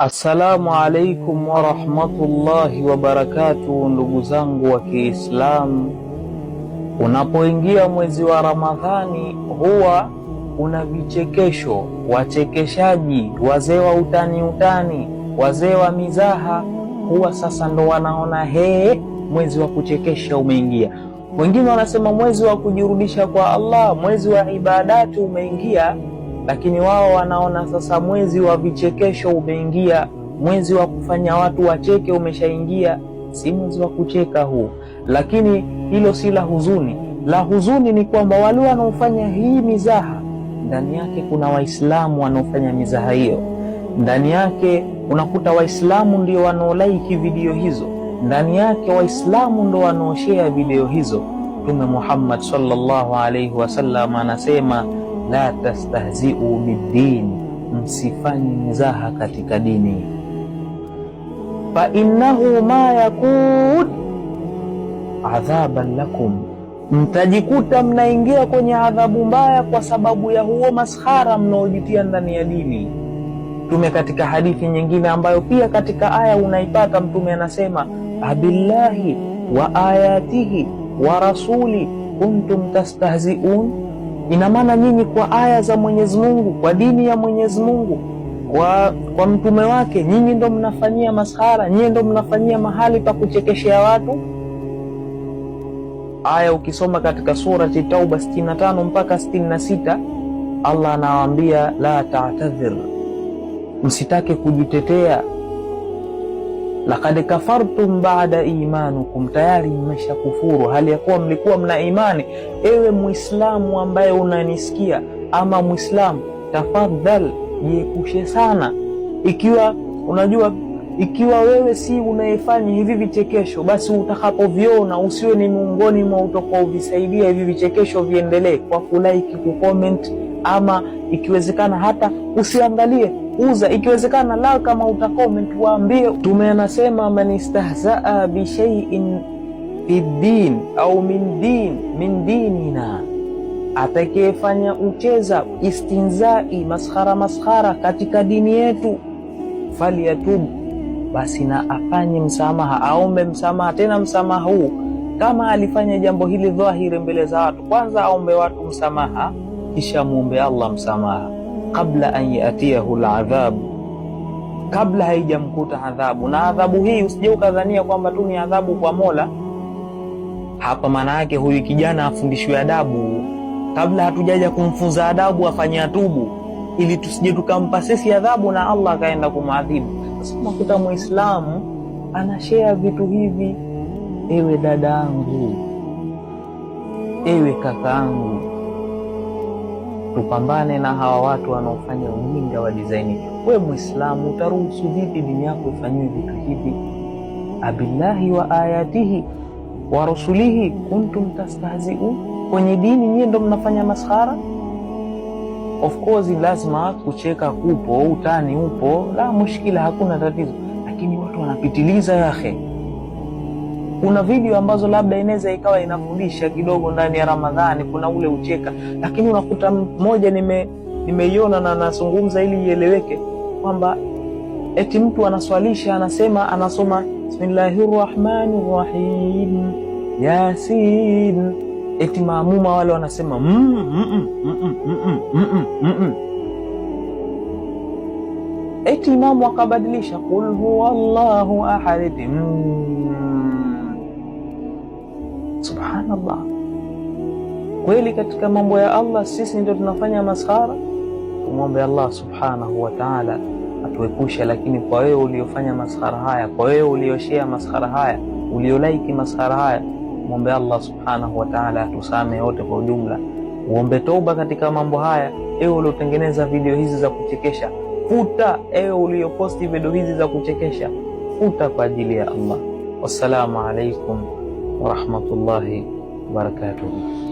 Assalamu alaikum warahmatullahi wabarakatuh, ndugu zangu wa Kiislamu, unapoingia mwezi wa Ramadhani huwa una vichekesho, wachekeshaji, wazee wa utani utani, wazee wa mizaha, huwa sasa ndo wanaona hee, mwezi wa kuchekesha umeingia. Wengine wanasema mwezi wa kujirudisha kwa Allah, mwezi wa ibadati umeingia lakini wao wanaona sasa mwezi wa vichekesho umeingia, mwezi wa kufanya watu wacheke umeshaingia, si mwezi wa kucheka huu. Lakini hilo si la huzuni. La huzuni ni kwamba wale wanaofanya hii mizaha, ndani yake kuna Waislamu wanaofanya mizaha hiyo, ndani yake unakuta Waislamu ndio wanaolaiki video hizo, ndani yake Waislamu ndio wanaoshea video hizo. Mtume Muhammad sallallahu alaihi wasallam anasema la tastahziu biddin msifanye mzaha katika dini. Fa innahu ma yakun adhaban lakum, mtajikuta mnaingia kwenye adhabu mbaya kwa sababu ya huo maskhara mnaojitia ndani ya dini. Mtume katika hadithi nyingine ambayo pia katika aya unaipata, Mtume anasema abillahi wa ayatihi wa rasuli kuntum tastahziun Ina maana nyinyi kwa aya za Mwenyezi Mungu, kwa dini ya Mwenyezi Mungu, kwa, kwa mtume wake, nyinyi ndo mnafanyia mashara nyinyi ndo mnafanyia mahali pa kuchekeshea watu. Aya ukisoma katika surati Tauba 65 mpaka 66, Allah anawaambia la ta'tadhir, msitake kujitetea Lakad kafartum baada imanukum, tayari mmesha kufuru hali ya kuwa mlikuwa mna imani. Ewe Mwislamu ambaye unanisikia ama Mwislamu, tafadhal jiepushe sana. Ikiwa unajua, ikiwa wewe si unayefanya hivi vichekesho, basi utakapoviona usiwe ni miongoni mwa visaidia hivi vichekesho viendelee kwa kulaiki, kucomment ama ikiwezekana hata usiangalie, uza. Ikiwezekana la kama utacomment, waambie tume anasema man istahzaa bishaiin fi din au min din min dinina, atakayefanya ucheza istinzai, maskhara maskhara katika dini yetu, falyatub, basi na afanye msamaha, aombe msamaha, tena msamaha huu kama alifanya jambo hili dhahiri mbele za watu, kwanza aombe watu msamaha kisha muombe Allah msamaha kabla an yatiyahu ladhabu, kabla haijamkuta adhabu. Na adhabu hii usije ukadhania kwamba tu ni adhabu kwa Mola. Hapa maana yake huyu kijana afundishwe adabu, kabla hatujaja kumfunza adabu afanye atubu, ili tusije tukampa sisi adhabu na Allah akaenda kumwadhibu. Sasa unakuta Muislamu anashea vitu hivi, ewe dadangu, ewe kakaangu Tupambane na hawa watu wanaofanya ujinga wa dizaini. We Mwislamu, utaruhusu vipi dini yako ifanyiwe vitu hivi? Abillahi wa ayatihi wa rusulihi kuntum tastahziun, kwenye dini nyie ndo mnafanya maskhara. Of course lazima kucheka kupo, utani upo, la mushkila, hakuna tatizo, lakini watu wanapitiliza yahe kuna video ambazo labda inaweza ikawa inafundisha kidogo ndani ya Ramadhani, kuna ule ucheka, lakini unakuta moja nime nimeiona na nazungumza ili ieleweke kwamba eti mtu anaswalisha, anasema, anasoma bismillahi rahmani rahim yasin, eti maamuma wale wanasema mm, mm, mm, mm, mm, mm. Eti imamu akabadilisha kul huwa llahu ahad mm. Allah. kweli katika mambo ya Allah sisi ndio tunafanya maskhara. Tumwombe Allah subhanahu wa ta'ala atuepushe. Lakini kwa wewe uliofanya maskhara haya, kwa wewe ulioshea maskhara haya, uliolaiki maskhara haya, mwombe Allah subhanahu wa ta'ala atusame wote kwa ujumla. Uombe toba katika mambo haya. Ewe uliotengeneza video hizi za kuchekesha futa. Ewe ulioposti video hizi za kuchekesha futa, kwa ajili ya Allah. Wassalamu alaikum warahmatullahi warga dulu